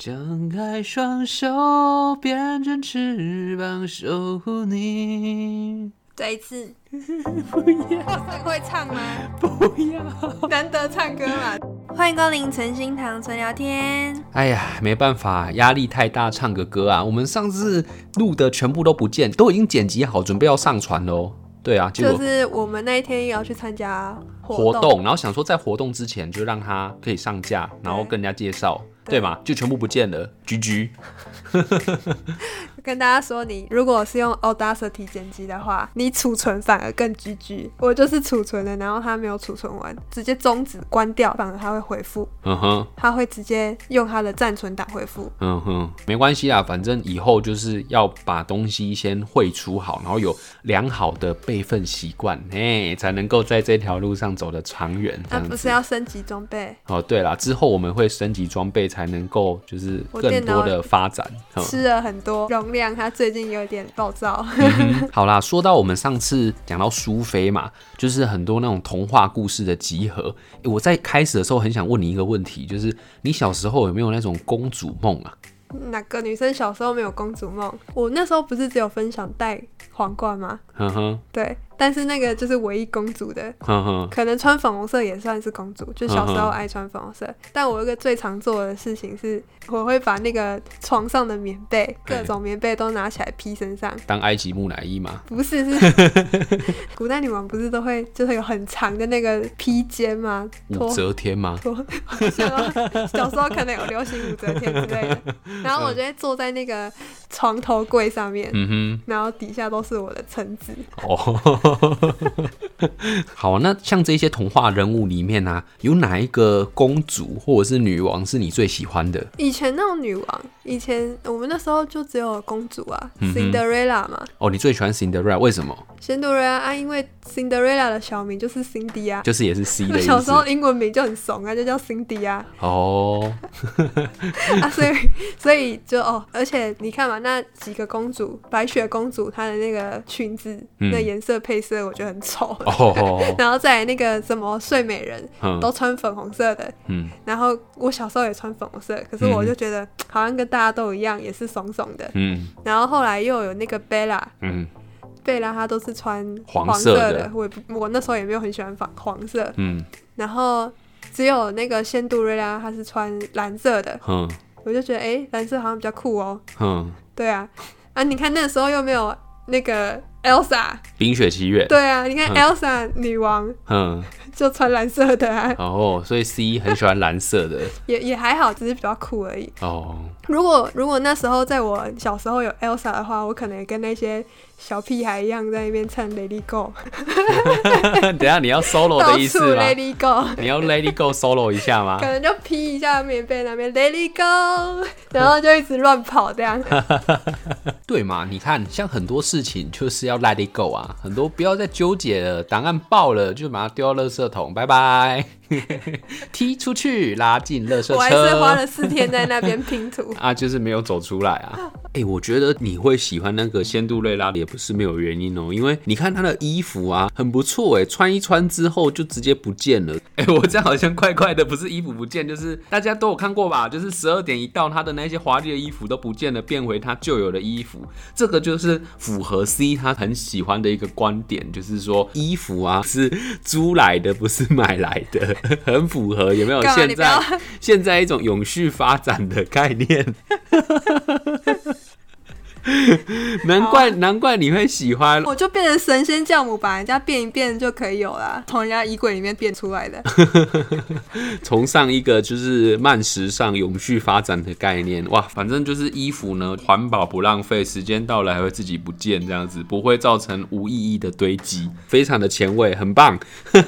張開雙手，變成翅膀，守護你。再一次， 不要會唱嗎？不要，難得唱歌嘛，啊。 歡迎光臨陳心堂存聊天。哎呀，沒辦法，啊，壓力太大，唱個歌啊。我們上次錄的全部都不見，都已經剪輯好，準備要上傳嘍。對啊，就是我們那一天要去參加活動，活動，然後想說在活動之前就讓他可以上架，然後跟人家介紹。對嘛，就全部不見了，居居。 跟大家說你，你如果我是用 Audacity 剪輯的話，你儲存反而更 GG。我就是儲存了，然後它沒有儲存完，直接終止關掉，反而它會回復。嗯哼，它會直接用它的暫存檔回復。嗯哼，沒關係啊，反正以後就是要把東西先匯出好，然後有良好的備份習慣，哎，才能夠在這條路上走得長遠。他、啊、不是要升級裝備？哦，對啦，之後我們會升級裝備，才能夠就是更多的發展。吃了很多容量。他最近有點暴躁，嗯。好啦， 說到我們上次講到蘇菲嘛，就是很多那種童話故事的集合。欸、我在開始的時候很想問你一個問題，就是你小時候有沒有那種公主夢啊？哪個女生小時候沒有公主夢？我那時候不是只有分享戴皇冠嗎？嗯哼，對。但是那個就是唯一公主的，嗯嗯，可能穿粉紅色也算是公主，嗯，就小時候愛穿粉紅色，嗯。但我一個最常做的事情是，我會把那個床上的棉被，欸，各種棉被都拿起來披身上，當埃及木乃伊嗎？不是，是，是 古代女王不是都會，就是有很長的那個披肩嗎？武則天嗎說？小時候可能有流行武則天之類的，然後我就會坐在那個床頭櫃上面，嗯，然後底下都是我的臣子。哦 好，那像這些童話人物裡面啊，有哪一個公主或者是女王是你最喜歡的？以前那種女王。以前我們那時候就只有公主啊、嗯、，Cinderella 嘛。哦，你最喜歡 Cinderella，為什麼？Cinderella 啊，因為 Cinderella 的小名就是 Cindy 啊，就是也是 C。小時候英文名就很慫啊，就叫 Cindy 啊。哦， 啊，所以所以就哦，而且你看嘛，那幾個公主，白雪公主她的那個裙子的顏、嗯、色配色，我覺得很醜。哦，哦，哦，哦， 然後在那個什麼睡美人、嗯、都穿粉紅色的，嗯，然後我小時候也穿粉紅色，可是我就覺得、嗯、好像跟大。大家都一樣，也是慫慫的。嗯，然後後來又有那個貝拉，嗯，貝拉她都是穿黃色的。色的，我也不，我那時候也沒有很喜歡黃黃色。嗯，然後只有那個仙杜瑞拉，她是穿藍色的。嗯，我就覺得哎、欸，藍色好像比較酷哦、喔。嗯，對啊，啊，你看那時候又沒有那個 Elsa 冰雪奇緣。對啊，你看 Elsa 女王。嗯。嗯就穿藍色的啊，哦，所以 C 很喜歡藍色的 也，也也還好，只是比較酷而已。哦、oh.，如果如果那時候在我小時候有 Elsa 的話，我可能也跟那些。小屁孩一樣在那邊唱《Lady Go》 等一，等下你要 solo 的意思？Lady Go， 你要《Lady Go》solo 一下嗎？可能就劈一下棉被那邊《 Lady Go》，然後就一直亂跑這樣。 對嘛？你看，像很多事情就是要《Let It Go》啊，很多不要再糾結了，檔案爆了就把它丟到垃圾桶，拜拜。 踢出去，拉進樂色車。我還是花了四天在那邊拼圖 啊，就是沒有走出來啊。哎、欸，我覺得你會喜歡那個仙度瑞拉的也不是沒有原因哦、喔，因為你看他的衣服啊，很不錯哎、欸，穿一穿之後就直接不見了。哎、欸，我這樣好像怪怪的，不是衣服不見，就是大家都有看過吧？就是十二點一到，他的那些華麗的衣服都不見了，變回他舊有的衣服。這個就是符合 C 他很喜歡的一個觀點，就是說衣服啊是租來的，不是買來的。很符合，有沒有？現在你現在一種永續發展的概念 難怪、啊、難怪你會喜歡。我就變成神仙教母，把人家變一變就可以有啦、啊，從人家衣櫃裡面變出來的。從 上一個就是慢時尚、永續發展的概念哇，反正就是衣服呢，環保不浪費，時間到了還會自己不見，這樣子不會造成無意義的堆積，非常的前衛，很棒。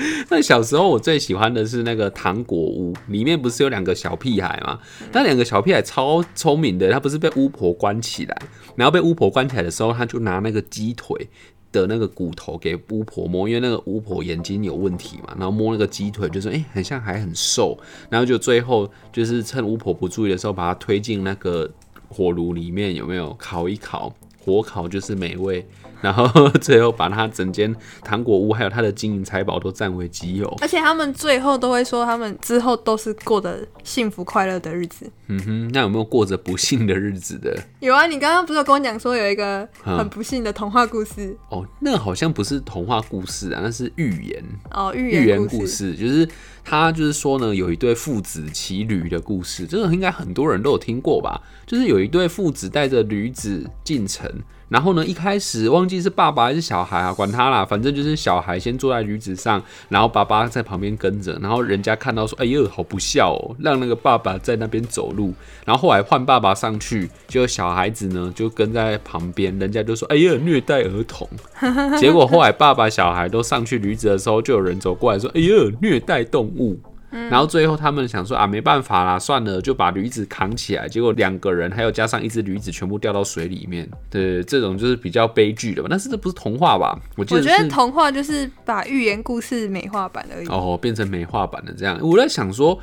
那小時候我最喜歡的是那個糖果屋，裡面不是有兩個小屁孩嗎？但兩個小屁孩超聰明的，他不是被巫婆關起來，然後被巫婆關起來的時候，他就拿那個雞腿的那個骨頭給巫婆摸，因為那個巫婆眼睛有問題嘛，然後摸那個雞腿就說，誒，很像還很瘦，然後就最後就是趁巫婆不注意的時候，把他推進那個火爐裡面，有沒有烤一烤？火烤就是美味。然後最後把他整間糖果屋還有他的金銀財寶都佔為己有，而且他們最後都會說，他們之後都是過得幸福快樂的日子。嗯哼，那有沒有過着不幸的日子的？有啊，你剛剛不是有跟我講說有一個很不幸的童話故事？哦、啊，oh, 那好像不是童話故事啊，那是寓言哦，寓言，oh, 寓言故事，寓言故事就是他就是說呢，有一對父子騎驢的故事，這個應該很多人都有聽過吧？就是有一對父子帶着驢子進城，然後呢一開始忘記是爸爸還是小孩啊，管他啦，反正就是小孩先坐在驢子上，然後爸爸在旁邊跟着，然後人家看到說，哎呦，好不孝哦、喔，讓那個爸爸在那邊走路。然後後來換爸爸上去，就小孩子呢就跟在旁邊，人家就說：“哎呀，虐待兒童。 ”結果後來爸爸小孩都上去驢子的時候，就有人走過來說：“哎呀，虐待動物。嗯”然後最後他們想說：“啊，沒辦法啦，算了，就把驢子扛起來。”結果兩個人還有加上一隻驢子全部掉到水裡面。對，這種就是比較悲劇的吧。但是這不是童話吧？我記得是，我覺得童話就是把寓言故事美化版而已。哦，變成美化版的這樣。我在想說。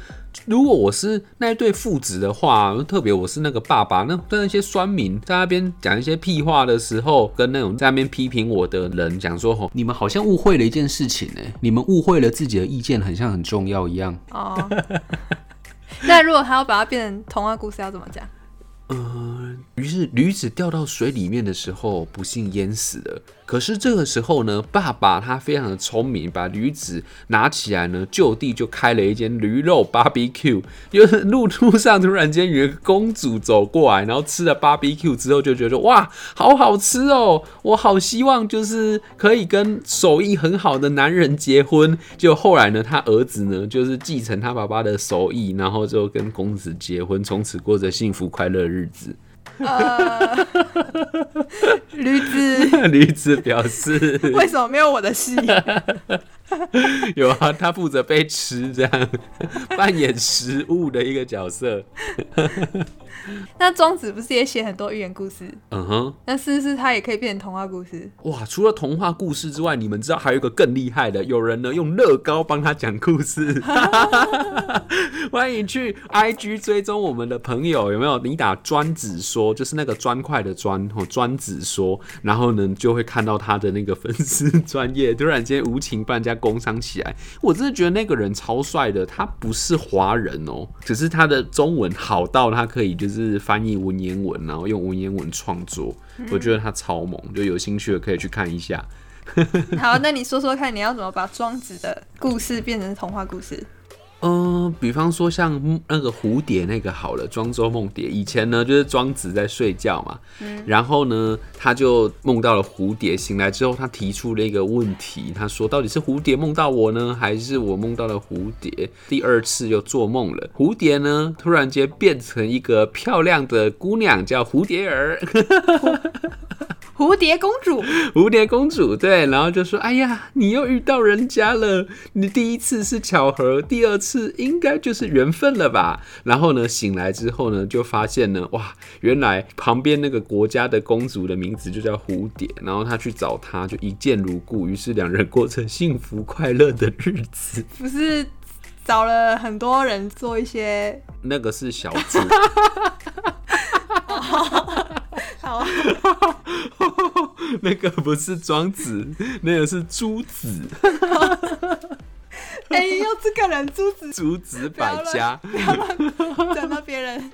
如果我是那一對父子的話，特別我是那個爸爸，那那些酸民在那邊講一些屁話的時候，跟那種在那邊批評我的人講說：“吼、喔，你們好像誤會了一件事情、欸、你們誤會了自己的意見很像很重要一樣。”哦，那如果還要把它變成童話故事，要怎麼講？嗯、呃，於是驢子掉到水裡面的時候，不幸淹死了。可是這個時候呢，爸爸他非常的聰明，把驢子拿起來呢，就地就開了一間驢肉 BBQ。就是路途上突然間有一個公主走過來，然後吃了 BBQ 之後就覺得說哇，好好吃哦、喔！我好希望就是可以跟手藝很好的男人結婚。就後來呢，他兒子呢就是繼承他爸爸的手藝，然後就跟公子結婚，從此過着幸福快樂日子。 呃，驢驢子，驢 子表示 為什麼沒有我的戲？ 有啊，他負責背食被吃，這樣 扮演食物的一個角色。 那莊子不是也寫很多寓言故事？嗯哼，那是不是他也可以變成童話故事？哇，除了童話故事之外，你們知道還有一個更厲害的，有人呢用樂高幫他講故事。 歡迎去 IG 追蹤我們的朋友，有沒有？你打磚子說，就是那個磚塊的磚，磚、哦、磚子說，然後呢就會看到他的那個粉絲專業，突然間無情被人家工商起來。我真的覺得那個人超帥的，他不是華人哦，只是他的中文好到他可以就是。是翻譯文言文，然後用文言文創作，嗯嗯，我覺得他超猛，就有興趣的可以去看一下。 好，那你說說看，你要怎麼把《莊子》的故事變成童話故事？嗯、呃，比方說像那個蝴蝶那個好了，莊周夢蝶。以前呢，就是莊子在睡覺嘛、嗯，然後呢，他就夢到了蝴蝶。醒來之後，他提出了一個問題，他說：“到底是蝴蝶夢到我呢，還是我夢到了蝴蝶？”第二次又做夢了，蝴蝶呢，突然間變成一個漂亮的姑娘，叫蝴蝶兒， 蝴蝶公主，蝴蝶公主，對。然後就說：“哎呀，你又遇到人家了。你第一次是巧合，第二次。”是應該就是緣分了吧。然後呢，醒來之後呢，就發現呢，哇，原來旁邊那個國家的公主的名字就叫蝴蝶。然後他去找她，就一見如故，於是兩人過成幸福快樂的日子。不是找了很多人做一些？那個是小子好， 那個不是莊子，那個是朱子。 哎、欸，又這個人諸子諸子百家，不要怎麼別人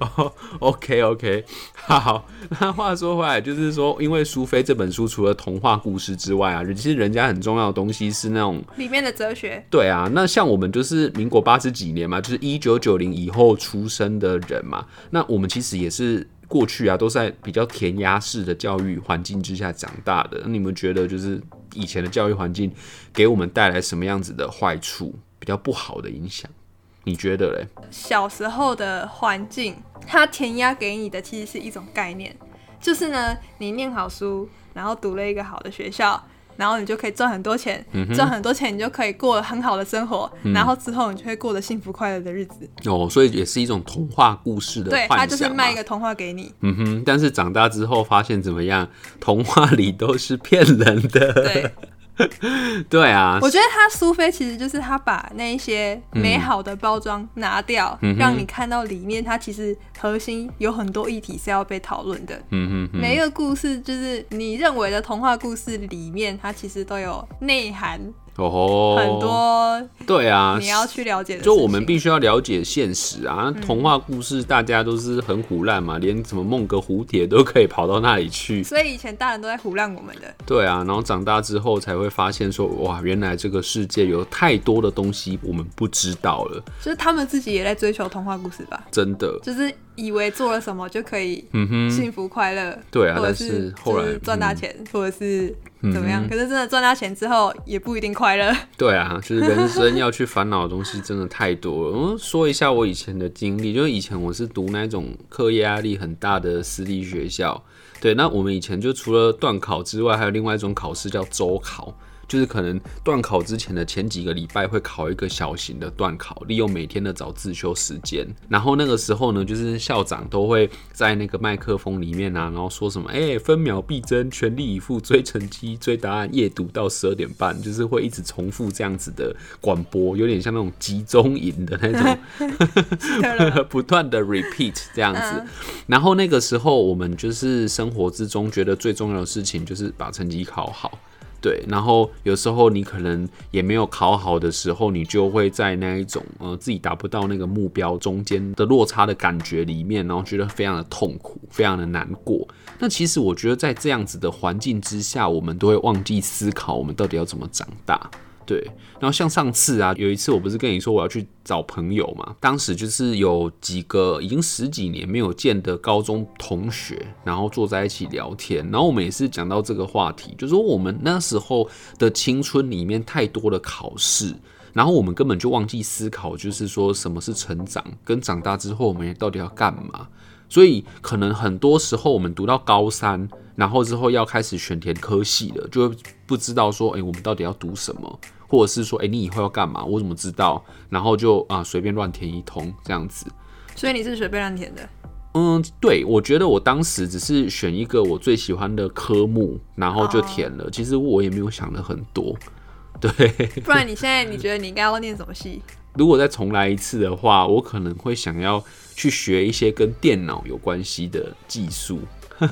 哦、oh,，OK OK，好。那話說回來，就是說，因為《蘇菲》這本書除了童話故事之外啊，其實人家很重要的東西是那種裡面的哲學。對啊，那像我們就是民國八十幾年嘛，就是一九九零以後出生的人嘛，那我們其實也是。過去啊，都是在比較填鴨式的教育環境之下長大的。那你們覺得，就是以前的教育環境給我們帶來什麼樣子的壞處，比較不好的影響？你覺得嘞？小時候的環境，它填鴨給你的其實是一種概念，就是呢，你念好書，然後讀了一個好的學校。然後你就可以賺很多錢，賺、嗯、很多錢，你就可以過很好的生活、嗯，然後之後你就會過得幸福快樂的日子。哦，所以也是一種童話故事的幻想、啊、對，他就是賣一個童話給你。嗯哼，但是長大之後發現怎麼樣？童話裡都是騙人的。對。 對啊，我覺得他蘇菲其實就是他把那一些美好的包裝拿掉，嗯，讓你看到裡面，它，其實核心有很多議題是要被討論的，嗯嗯嗯。每一個故事就是你認為的童話故事裡面，它其實都有內涵。哦吼，很多對啊，你要去了解的。就我們必須要了解現實啊、嗯！童話故事大家都是很唬爛嘛，連什麼夢個蝴蝶都可以跑到那裡去。所以以前大人都在唬爛我們的。對啊，然後長大之後才會發現說，哇，原來這個世界有太多的東西我們不知道了。就是他們自己也在追求童話故事吧？真的，就是以為做了什麼就可以，嗯哼，幸福快樂。對啊，或者是，但是後來賺、就是、大錢、嗯，或者是。怎麼樣？可是真的賺到錢之後也不一定快樂。嗯，對啊，就是人生要去煩惱的東西真的太多了。 嗯，說一下我以前的經歷，就是以前我是讀那種課業壓力很大的私立學校。對，那我們以前就除了段考之外，還有另外一種考試叫周考。就是可能段考之前的前幾個禮拜會考一個小型的段考，利用每天的早自修時間。然後那個時候呢，就是校長都會在那個麥克風裡面啊，然後說什麼哎、欸，分秒必爭，全力以赴追成績、追答案，夜讀到十二點半，就是會一直重複這樣子的廣播，有點像那種集中營的那種， 對了 不斷的 repeat 這樣子。然後那個時候，我們就是生活之中覺得最重要的事情就是把成績考好。對，然後有時候你可能也沒有考好的時候，你就會在那一種呃自己達不到那個目標中間的落差的感覺裡面，然後覺得非常的痛苦，非常的難過。那其實我覺得在這樣子的環境之下，我們都會忘記思考我們到底要怎麼長大。對，然後像上次啊，有一次我不是跟你說我要去找朋友嘛？當時就是有幾個已經十幾年沒有見的高中同學，然後坐在一起聊天。然後我們也是講到這個話題，就是說我們那時候的青春裡面太多的考試，然後我們根本就忘記思考，就是說什麼是成長，跟長大之後我們也到底要幹嘛？所以可能很多時候我們讀到高三，然後之後要開始選填科系了，就會不知道說，哎，我們到底要讀什麼？或者是說，哎、欸，你以後要幹嘛？我怎麼知道？然後就啊，隨便亂填一通這樣子。所以你是隨便亂填的？嗯，對，我覺得我當時只是選一個我最喜歡的科目，然後就填了。Oh. 其實我也沒有想了很多。對，不然你現在你覺得你應該要念什麼系？ 如果再重來一次的話，我可能會想要去學一些跟電腦有關係的技術，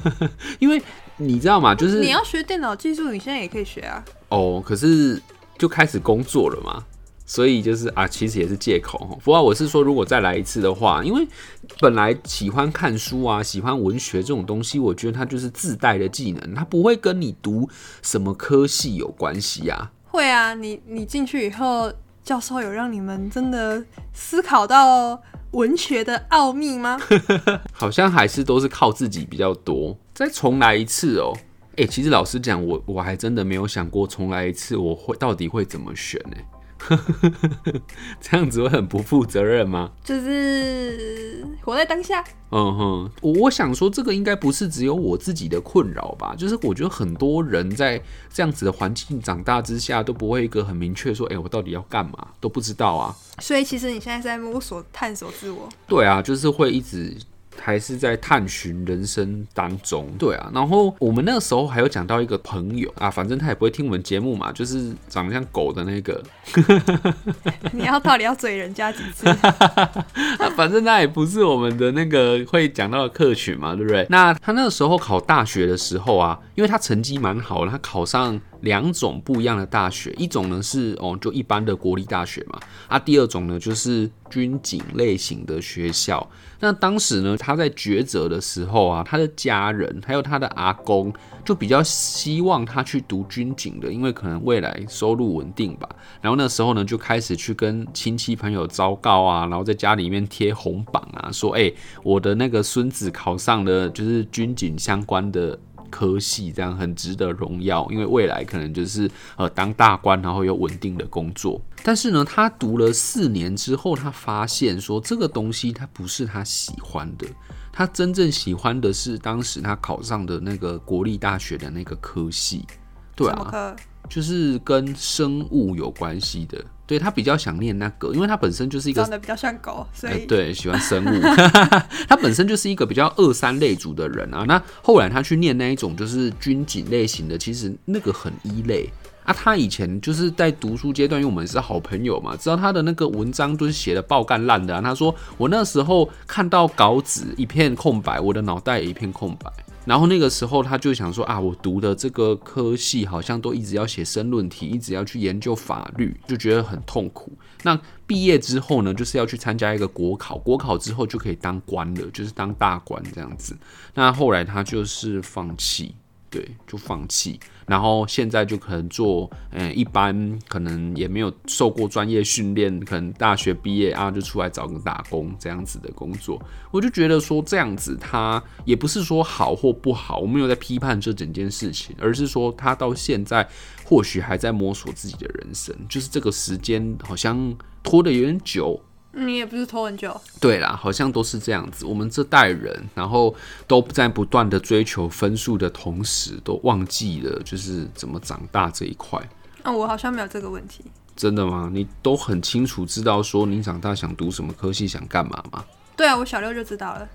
因為你知道嗎？就是你要學電腦技術，你現在也可以學啊。哦，可是。就開始工作了嘛，所以就是啊，其實也是借口。不過我是說，如果再來一次的話，因為本來喜歡看書啊，喜歡文學這種東西，我覺得它就是自帶的技能，它不會跟你讀什麼科系有關係呀、啊。會啊，你你進去以後，教授有讓你們真的思考到文學的奧秘嗎？ 好像還是都是靠自己比較多。再重來一次哦。誒、欸，其實老實講，我我還真的沒有想過重來一次，我會到底會怎麼選呢、欸？ 這樣子會很不負責任嗎？就是活在當下。嗯哼，我，我想說，這個應該不是只有我自己的困擾吧？就是我覺得很多人在這樣子的環境長大之下，都不會一個很明確說，誒、欸，我到底要幹嘛，都不知道啊。所以其實你現在是在摸索、探索自我。對啊，就是會一直。還是在探尋人生當中，對啊。然後我們那個時候還有講到一個朋友啊，反正他也不會聽我們節目嘛，就是長得像狗的那個 。你要到底要嘴人家幾次 ？ 啊、反正那也不是我們的那個會講到的客群嘛，對不對？那他那個時候考大學的時候啊，因為他成績蠻好，他考上。兩種不一樣的大學，一種呢是哦，就一般的國立大學嘛。啊，第二種呢就是軍警類型的學校。那當時呢，他在抉擇的時候啊，他的家人還有他的阿公就比較希望他去讀軍警的，因為可能未來收入穩定吧。然後那時候呢，就開始去跟親戚朋友昭告啊，然後在家裡面貼紅榜啊，說誒、欸，我的那個孫子考上了，就是軍警相關的。科系這樣，很值得榮耀，因為未來可能就是呃當大官，然後有穩定的工作。但是呢，他讀了四年之後，他發現說這個東西他不是他喜歡的，他真正喜歡的是當時他考上的那個國立大學的那個科系。對啊，就是跟生物有關係的。對，他比較想念那個，因為他本身就是一個長得比較像狗，所以、呃、對，喜歡生物。 他本身就是一個比較二三類族的人啊。那後來他去念那一種就是軍警類型的，其實那個很一類啊。他以前就是在讀書階段，因為我們是好朋友嘛，知道他的那個文章都是寫的爆幹爛的啊。他說我那時候看到稿紙一片空白，我的腦袋也一片空白。然後那個時候他就想說啊，我讀的這個科系好像都一直要寫申論題，一直要去研究法律，就覺得很痛苦。那畢業之後呢，就是要去參加一個國考，國考之後就可以當官了，就是當大官這樣子。那後來他就是放棄，對，就放棄。然後現在就可能做，嗯，一般可能也沒有受過專業訓練，可能大學畢業啊，就出來找個打工這樣子的工作。我就覺得說這樣子他也不是說好或不好，我沒有在批判這整件事情，而是說他到現在或許還在摸索自己的人生，就是這個時間好像拖得有點久。你也不是拖很久。對啦，好像都是這樣子。我們這代人，然後都在不斷的追求分數的同時，都忘記了就是怎麼長大這一塊。那、哦、我好像沒有這個問題。真的嗎？你都很清楚知道說你長大想讀什麼科系，想幹嘛嗎？對啊，我小六就知道了。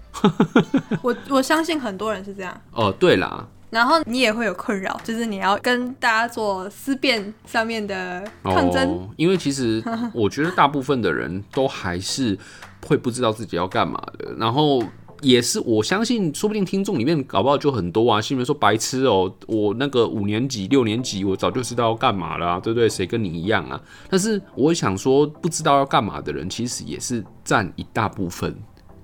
我我相信很多人是這樣。哦，對啦。然後你也會有困擾，就是你要跟大家做思辨上面的抗爭、哦。因為其實我覺得大部分的人都還是會不知道自己要幹嘛的。然後也是我相信，說不定聽眾裡面搞不好就很多啊。心裡面說白痴哦，我那個五年級、六年級，我早就知道要幹嘛了、啊，對不對？誰跟你一樣啊？但是我想說，不知道要幹嘛的人，其實也是占一大部分。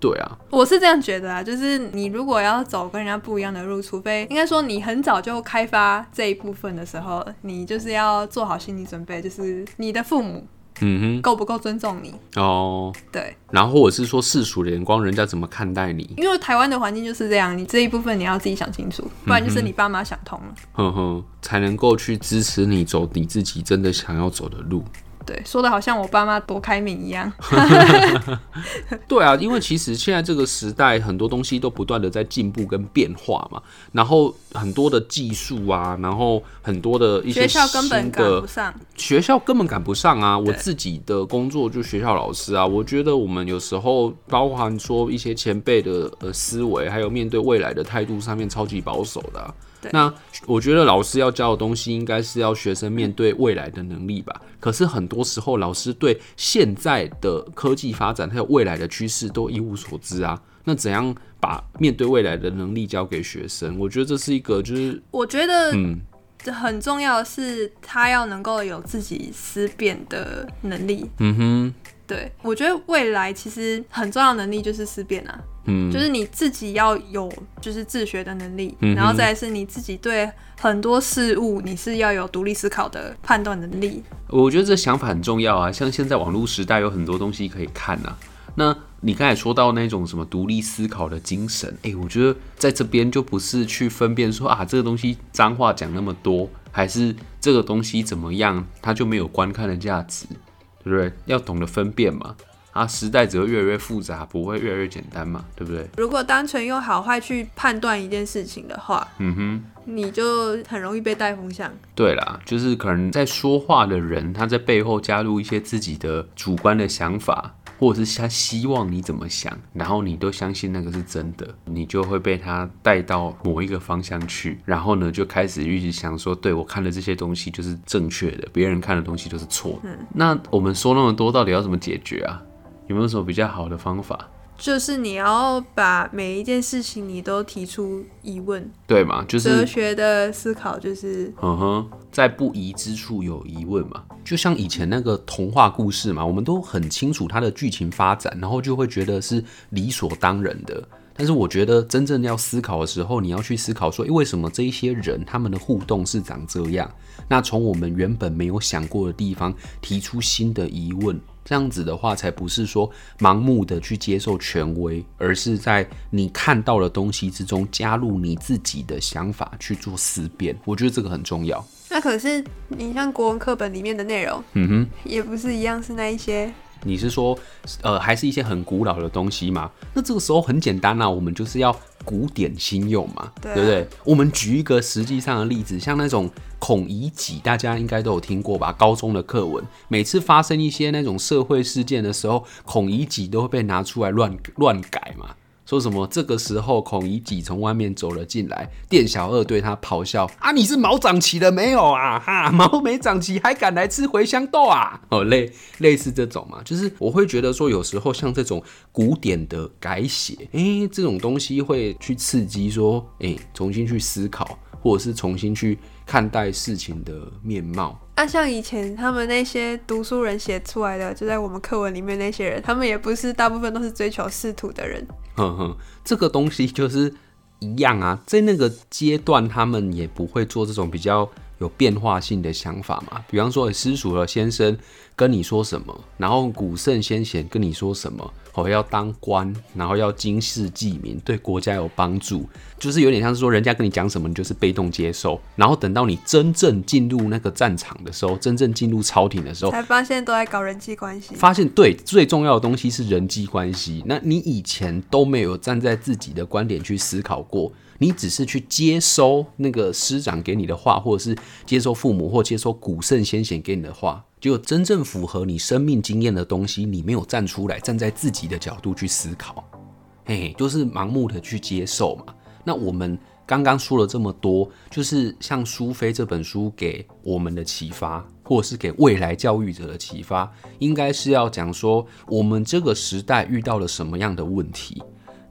對啊，我是這樣覺得啊，就是你如果要走跟人家不一樣的路，除非應該說你很早就開發這一部分的時候，你就是要做好心理準備，就是你的父母，嗯哼，夠不夠尊重你？嗯、哦，對，然後或者是說世俗的眼光，人家怎麼看待你？因為台灣的環境就是這樣，你這一部分你要自己想清楚，不然就是你爸媽想通了，嗯、哼呵呵，才能夠去支持你走你自己真的想要走的路。對，說的好像我爸媽多開明一樣。 對啊，因為其實現在這個時代，很多東西都不斷的在進步跟變化嘛。然後很多的技術啊，然後很多的一些的學校根本趕不上，學校根本趕不上啊。我自己的工作就學校老師啊，我覺得我們有時候，包含說一些前輩的呃思維，還有面對未來的態度上面，超級保守的啊。那我覺得老師要教的東西應該是要學生面對未來的能力吧。可是很多時候老師對現在的科技發展還有未來的趨勢都一無所知啊。那怎樣把面對未來的能力交給學生？我覺得這是一個就是，我覺得這很重要的是他要能夠有自己思辨的能力。嗯，嗯哼。對，我覺得未來其實很重要的能力就是思辨啊。嗯，就是你自己要有就是自學的能力，嗯、然後再是你自己對很多事物你是要有獨立思考的判斷能力。我覺得這想法很重要啊，像現在網絡時代有很多東西可以看啊，那你剛才說到那種什麼獨立思考的精神，哎、欸，我覺得在這邊就不是去分辨說啊這個東西髒話講那麼多，還是這個東西怎麼樣，它就沒有觀看的價值。對不對？要懂得分辨嘛。啊，時代只會越來越複雜，不會越來越簡單嘛，對不對？如果單純用好壞去判斷一件事情的話，嗯哼，你就很容易被帶風向。對啦，就是可能在說話的人，他在背後加入一些自己的主觀的想法。或者是他希望你怎麼想，然後你都相信那個是真的，你就會被他帶到某一個方向去，然後呢就開始一直想說，對，我看的這些東西就是正確的，別人看的東西就是錯的。嗯。那我們說那麼多，到底要怎麼解決啊？有沒有什麼比較好的方法？就是你要把每一件事情，你都提出疑問，對嘛？就是哲學的思考，就是、嗯哼，在不疑之處有疑問嘛。就像以前那個童話故事嘛，我們都很清楚它的劇情發展，然後就會覺得是理所當然的。但是我覺得真正要思考的時候，你要去思考說，誒，為什麼這一些人他們的互動是長這樣？那從我們原本沒有想過的地方提出新的疑問。這樣子的話，才不是說盲目的去接受權威，而是在你看到的東西之中加入你自己的想法去做思辨。我覺得這個很重要。那可是你像國文課本裡面的內容，嗯哼，也不是一樣是那一些。你是說，呃，還是一些很古老的東西嗎？那這個時候很簡單吶啊，我們就是要。古典新用嘛，對，對不對？我們舉一個實際上的例子，像那種《孔乙己》，大家應該都有聽過吧？高中的課文，每次發生一些那種社會事件的時候，《孔乙己》都會被拿出來亂亂改嘛。說什麼？這個時候，孔乙己從外面走了進來，店小二對他咆哮：“啊，你是毛長齊了沒有啊？哈，毛沒長齊還敢來吃茴香豆啊？好，哦，類類似這種嘛，就是我會覺得說，有時候像這種古典的改寫，誒，這種東西會去刺激說，誒，重新去思考，或者是重新去看待事情的面貌。”啊，像以前他們那些讀書人寫出來的，就在我們課文裡面那些人，他們也不是大部分都是追求仕途的人。哼哼，這個東西就是一樣啊，在那個階段，他們也不會做這種比較有變化性的想法嘛。比方說，欸、私塾的先生跟你說什麼，然後古聖先賢跟你說什麼。我、哦、要當官，然後要經世濟民，對國家有幫助，就是有點像是說，人家跟你講什麼，你就是被動接受。然後等到你真正進入那個戰場的時候，真正進入朝廷的時候，才發現都在搞人際關係。發現對，最重要的東西是人際關係，那你以前都沒有站在自己的觀點去思考過。你只是去接收那個師長給你的話，或者是接收父母或接收古聖先賢給你的話，結果真正符合你生命經驗的東西，你沒有站出來站在自己的角度去思考，嘿嘿，就是盲目的去接受嘛。那我們剛剛說了這麼多，就是像蘇菲這本書給我們的啟發，或者是給未來教育者的啟發，應該是要講說我們這個時代遇到了什麼樣的問題。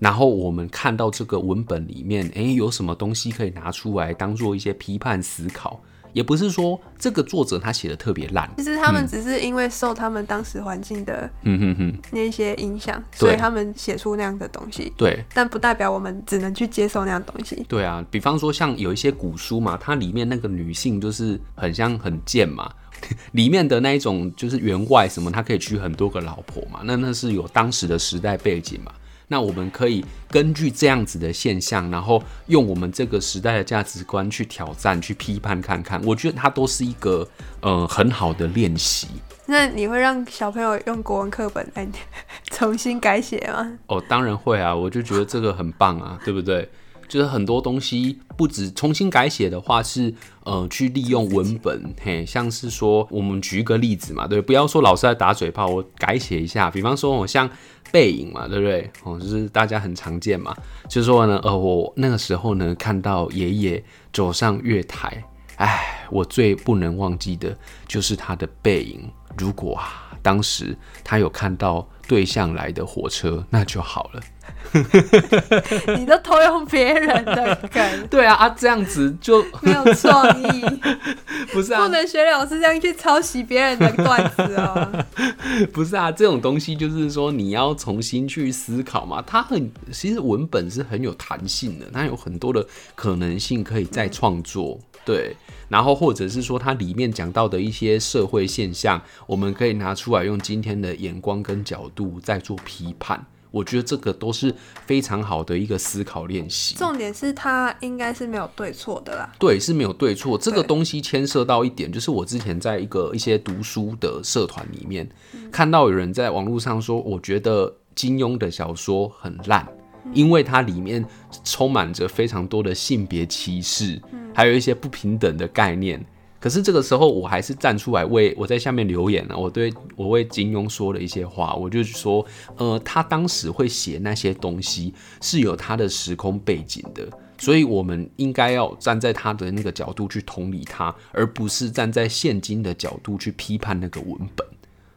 然後我們看到這個文本裡面，哎，有什麼東西可以拿出來當做一些批判思考？也不是說這個作者他寫的特別爛，其實他們只是因為受他們當時環境的嗯哼哼那些影響、嗯哼哼，所以他們寫出那樣的東西。對，但不代表我們只能去接受那樣東西。對啊，比方說像有一些古書嘛，它裡面那個女性就是很像很賤嘛， 裡面的那一種就是員外什麼，他可以娶很多個老婆嘛，那那是有當時的時代背景嘛。那我們可以根據這樣子的現象，然後用我們這個時代的價值觀去挑戰、去批判看看，我覺得它都是一個嗯、呃、很好的練習。那你會讓小朋友用國文課本來重新改寫嗎？哦、oh，當然會啊，我就覺得這個很棒啊， 對不對？就是很多東西不止重新改寫的話是，呃，去利用文本，嘿，像是說，我們舉一個例子嘛，對，不要說老是在打嘴炮，我改寫一下，比方說，我、哦、像《背影》嘛，對不對？哦，就是大家很常見嘛，就是說呢，呃，我那個時候呢，看到爺爺走上月台，哎，我最不能忘記的就是他的背影。如果啊，當時他有看到。對向來的火車那就好了， 你都偷用別人的梗， 對啊啊這樣子就沒有創意， 不是啊， 不能學老師這樣去抄襲別人的段子哦， 不是啊，這種東西就是說你要重新去思考嘛，它很其實文本是很有彈性的，它有很多的可能性可以再創作，對，然後或者是說它裡面講到的一些社會現象，我們可以拿出來用今天的眼光跟角度。在做批判，我覺得這個都是非常好的一個思考練習。重點是它應該是沒有對錯的啦，對，是沒有對錯。這個東西牽涉到一點，就是我之前在一個一些讀書的社團裡面，嗯、看到有人在網絡上說，我覺得金庸的小說很爛、嗯，因為它裡面充滿着非常多的性別歧視，嗯、還有一些不平等的概念。可是這個時候，我還是站出來為我在下面留言了、啊。我對我為金庸說了一些話，我就說，呃，他當時會寫那些東西是有他的時空背景的，所以我們應該要站在他的那個角度去同理他，而不是站在現今的角度去批判那個文本。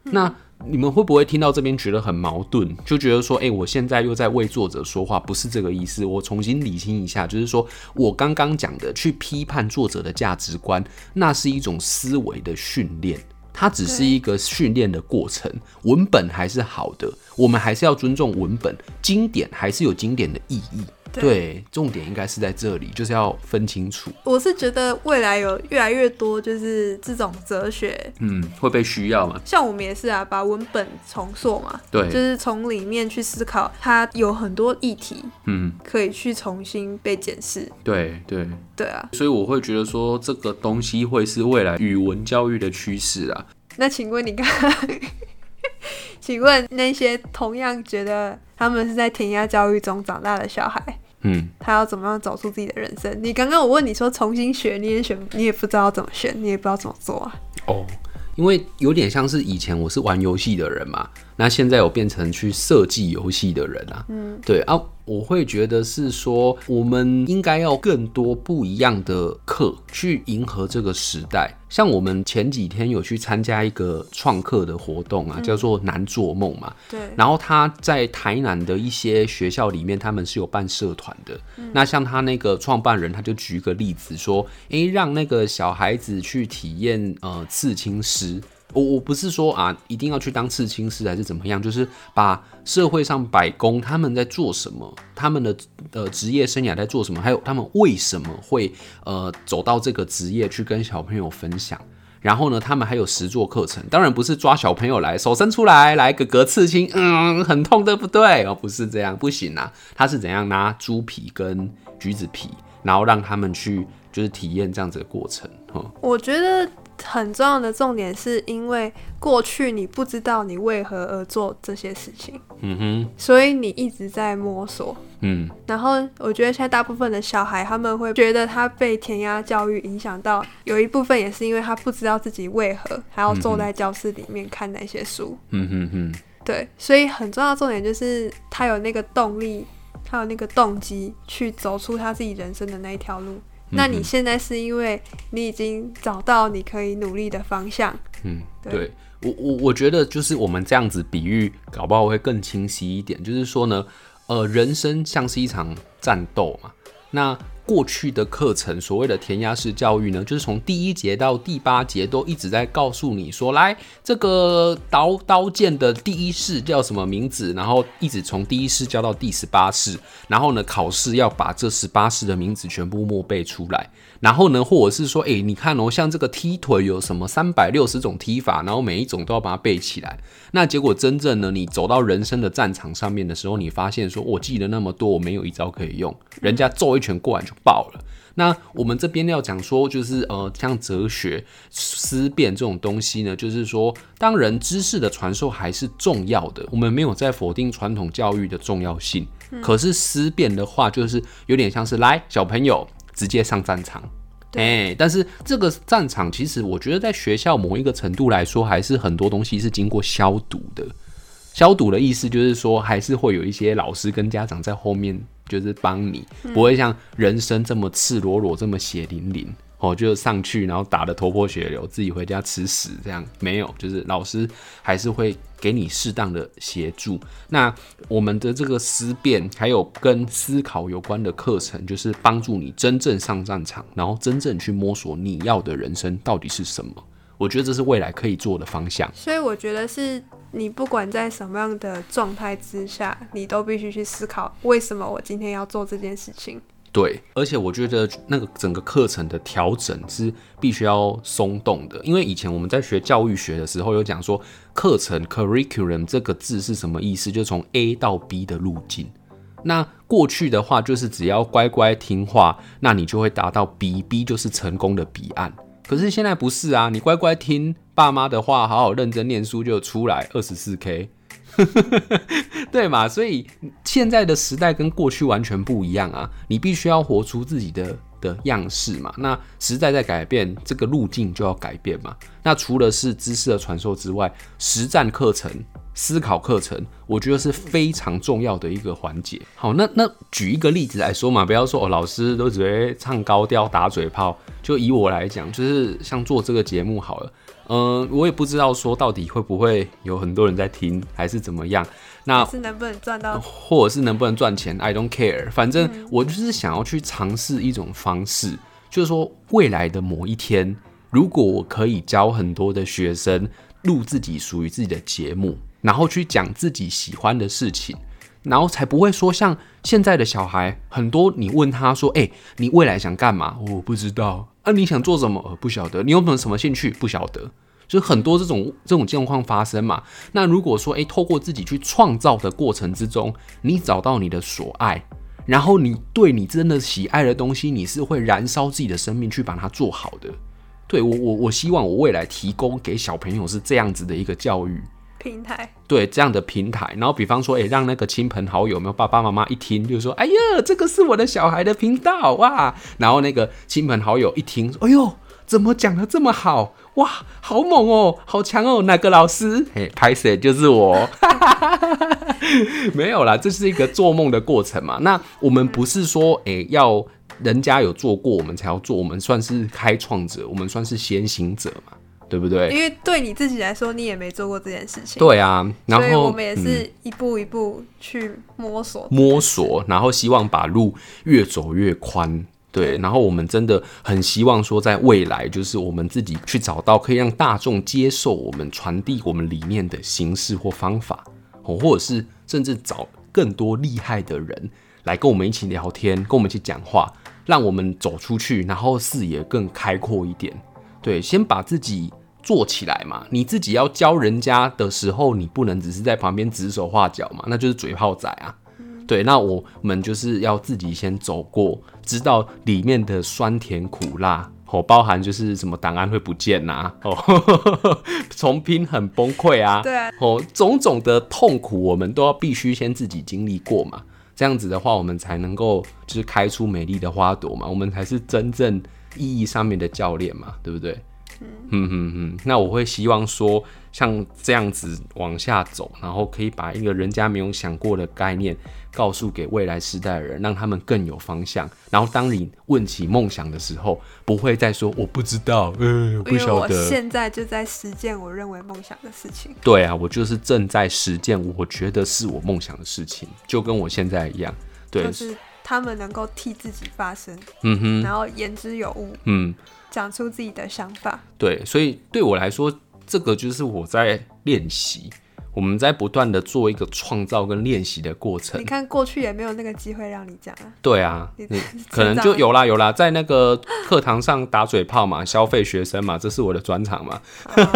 那、嗯。你們會不會聽到這邊覺得很矛盾，就覺得說，哎、欸，我現在又在為作者說話，不是這個意思。我重新理清一下，就是說我剛剛講的去批判作者的價值觀，那是一種思維的訓練，它只是一個訓練的過程。文本還是好的，我們還是要尊重文本，經典還是有經典的意義。.對，對，重點應該是在這裡，就是要分清楚。我是覺得未來有越來越多，就是這種哲學，嗯，會被需要嘛？像我們也是啊，把文本重塑嘛，對，就是從裡面去思考，它有很多議題，嗯，可以去重新被檢視。對對對啊，所以我會覺得說這個東西會是未來語文教育的趨勢啊。那請問你剛？ 請問那些同樣覺得他們是在填鴨教育中長大的小孩，嗯，他要怎麼樣走出自己的人生？你剛剛我問你說重新選，你也選，你也不知道怎麼選，你也不知道怎麼做啊？哦，因為有點像是以前我是玩遊戲的人嘛，那現在我變成去設計遊戲的人啊，嗯，對啊。我會覺得是說，我們應該要更多不一樣的課去迎合這個時代。像我們前幾天有去參加一個創客的活動啊，叫做“南做夢”嘛。對。然後他在台南的一些學校裡面，他們是有辦社團的。那像他那個創辦人，他就舉個例子說：“誒，讓那個小孩子去體驗呃刺青師。”我我不是說啊，一定要去當刺青師還是怎麼樣，就是把社會上百工他們在做什麼，他們的呃職業生涯在做什麼，還有他們為什麼會呃走到這個職業，去跟小朋友分享。然後呢，他們還有實作課程，當然不是抓小朋友來手伸出來，來哥哥刺青，嗯，很痛的，對不對？哦，不是這樣，不行啊。他是怎樣拿豬皮跟橘子皮，然後讓他們去就是體驗這樣子的過程。我覺得。很重要的重點是因為過去你不知道你為何而做這些事情，嗯哼，所以你一直在摸索，嗯，然後我覺得現在大部分的小孩他們會覺得他被填鴨教育影響到，有一部分也是因為他不知道自己為何還要坐在教室裡面看那些書，嗯哼哼，對，所以很重要的重點就是他有那個動力，他有那個動機去走出他自己人生的那一條路。那你現在是因為你已經找到你可以努力的方向，嗯，對，對我我我覺得就是我們這樣子比喻，搞不好會更清晰一點。就是說呢，呃，人生像是一場戰鬥嘛，那。過去的課程，所謂的填鴨式教育呢，就是從第一節到第八節都一直在告訴你說，來這個刀刀劍的第一式叫什麼名字，然後一直從第一式教到第十八式，然後呢，考試要把這十八式的名字全部默背出來，然後呢，或者是說，誒、欸，你看哦，像這個踢腿有什麼三百六十種踢法，然後每一種都要把它背起來。那結果真正呢，你走到人生的戰場上面的時候，你發現說，哦，我記得那麼多，我沒有一招可以用，人家揍一拳過來就爆了！那我們這邊要講說，就是呃，像哲學思辨這種東西呢，就是說，當人知識的傳授還是重要的，我們沒有在否定傳統教育的重要性。嗯，可是思辨的話，就是有點像是來小朋友直接上戰場，哎，欸，但是這個戰場其實我覺得在學校某一個程度來說，還是很多東西是經過消毒的。消毒的意思就是說，還是會有一些老師跟家長在後面。就是幫你、嗯，不會像人生這麼赤裸裸、這麼血淋淋，哦、喔，就上去然後打得頭破血流，自己回家吃屎這樣。沒有，就是老師還是會給你適當的協助。那我們的這個思辨，還有跟思考有關的課程，就是幫助你真正上戰場，然後真正去摸索你要的人生到底是什麼。我覺得這是未來可以做的方向。所以我覺得是。你不管在什麼樣的狀態之下，你都必須去思考，為什麼我今天要做這件事情。對，而且我覺得那個整個課程的調整是必須要鬆動的，因為以前我們在學教育學的時候有，有講說課程 curriculum 這個字是什麼意思？就從 A 到 B 的路徑。那過去的話，就是只要乖乖聽話，那你就會達到 B，B 就是成功的彼岸。可是現在不是啊，你乖乖聽爸媽的話，好好認真念書就出來 24K，對嘛？所以現在的時代跟過去完全不一樣啊，你必須要活出自己的的樣式嘛。那時代在改變，這個路徑就要改變嘛。那除了是知識的傳授之外，實戰課程、思考課程，我覺得是非常重要的一個環節。好，那那舉一個例子來說嘛，不要說哦，老師都只會唱高調打嘴炮。就以我來講，就是像做這個節目好了，嗯，我也不知道說到底會不會有很多人在聽，還是怎麼樣。那，是能不能賺到，或者是能不能賺錢？I don't care，反正我就是想要去嘗試一種方式，嗯，就是說未來的某一天，如果我可以教很多的學生錄自己屬於自己的節目，然後去講自己喜歡的事情。然後才不會說像現在的小孩，很多你問他說：“誒、欸，你未來想幹嘛？”哦，我不知道。那、啊，你想做什麼？哦，不曉得。你有沒有什麼興趣？不曉得。就是很多這種這種狀況發生嘛。那如果說誒、欸，透過自己去創造的過程之中，你找到你的所愛，然後你對你真的喜愛的東西，你是會燃燒自己的生命去把它做好的。對，我、我我希望我未來提供給小朋友是這樣子的一個教育，平台對這樣的平台，然後比方說，哎，讓那個親朋好友，沒有爸爸媽媽一聽就說，哎呦，這個是我的小孩的頻道哇、啊。然後那個親朋好友一聽說，哎呦，怎麼講得這麼好哇？好猛哦，好強哦，哪個老師？嘿、hey，拍攝就是我。 沒有啦，這是一個做夢的過程嘛。那我們不是說，哎，要人家有做過，我們才要做，我們算是開創者，我們算是先行者嘛。對不對？因為對你自己來說，你也沒做過這件事情。對啊，然後我們也是一步一步去摸索、嗯，摸索，然後希望把路越走越寬。對，嗯、然後我們真的很希望說，在未來，就是我們自己去找到可以讓大眾接受我們傳遞我們理念的形式或方法，或者是甚至找更多厲害的人來跟我們一起聊天，跟我們一起講話，讓我們走出去，然後視野更開闊一點。對，先把自己做起來嘛。你自己要教人家的時候，你不能只是在旁邊指手畫腳嘛，那就是嘴炮仔啊、嗯。對，那我們就是要自己先走過，知道裡面的酸甜苦辣哦，包含就是什麼檔案會不見吶、啊，哦、 重拼很崩潰啊。對啊，哦，種種的痛苦，我們都要必須先自己經歷過嘛。這樣子的話，我們才能夠就是開出美麗的花朵嘛。我們才是真正。意義上面的教練嘛，對不對？嗯嗯嗯。 那我會希望說，像這樣子往下走，然後可以把一個人家沒有想過的概念，告訴給未來世代的人，讓他們更有方向。然後當你問起夢想的時候，不會再說我不知道。嗯、呃，不曉得。因為我現在就在實踐我認為夢想的事情。對啊，我就是正在實踐我覺得是我夢想的事情，就跟我現在一樣。對。就是他們能夠替自己發聲，嗯哼，然後言之有物，嗯，講出自己的想法。對，所以對我來說，這個就是我在練習。我們在不斷的做一個創造跟練習的過程。你看過去也沒有那個機會讓你講啊。對啊，可能就有啦 有啦，在那個課堂上打嘴炮嘛， 消費學生嘛，這是我的專長嘛、啊。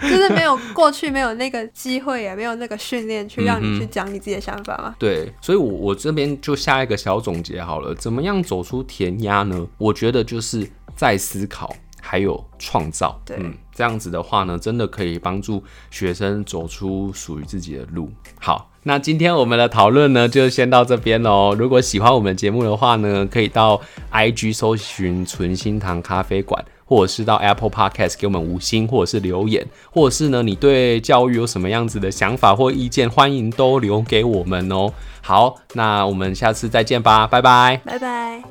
就是沒有過去沒有那個機會也沒有那個訓練去讓你去講你自己的想法嘛、嗯。對，所以我，我我這邊就下一個小總結好了，怎麼樣走出填鴨呢？我覺得就是在思考還有創造。對。嗯這樣子的話呢，真的可以幫助學生走出屬於自己的路。好，那今天我們的討論呢，就先到這邊嘍。如果喜歡我們節目的話呢，可以到 I G 搜尋“存心堂咖啡館”，或者是到 Apple Podcast 給我們五星，或者是留言，或者是呢，你對教育有什麼樣子的想法或意見，歡迎都留給我們哦、喔。好，那我們下次再見吧，拜拜，拜拜。